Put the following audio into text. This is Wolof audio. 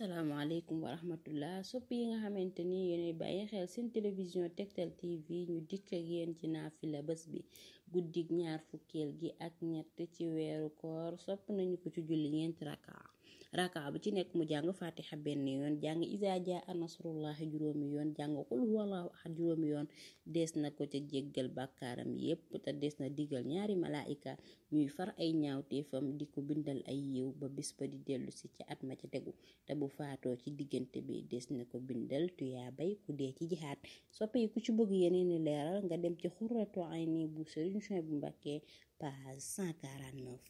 salaamaaleykum wa rahmatullah sopp yi nga xamante ni yéenay bàyyi xel seen télévision Tektal TV ñu dikk ak ci ci naafila bés bi guddig ñaar fukkeel gi ak ñett ci weeru koor sopp nañu ko ci julli ñeenti rakaa raka bu ci nekk mu jàng fatiha benn yoon jàng iza jaa anasrullahi juróomi yoon jàng qul huwallahu ahad juróomi yoon des na ko ca jéggal bàkkaaram yépp te des na digal ñaari malaayika ñuy far ay ñaawteefam di ko bindal ay yiw ba bis ba di dellusi si ci at ma ca tegu te bu faatoo ci diggante bi des na ko bindal tuyaabay ku dee ci jihaat soppe ku ci bëgg yeneen i leeral nga dem ci xurratu ayni bu Serigne Souhaïbou Mbacké page 149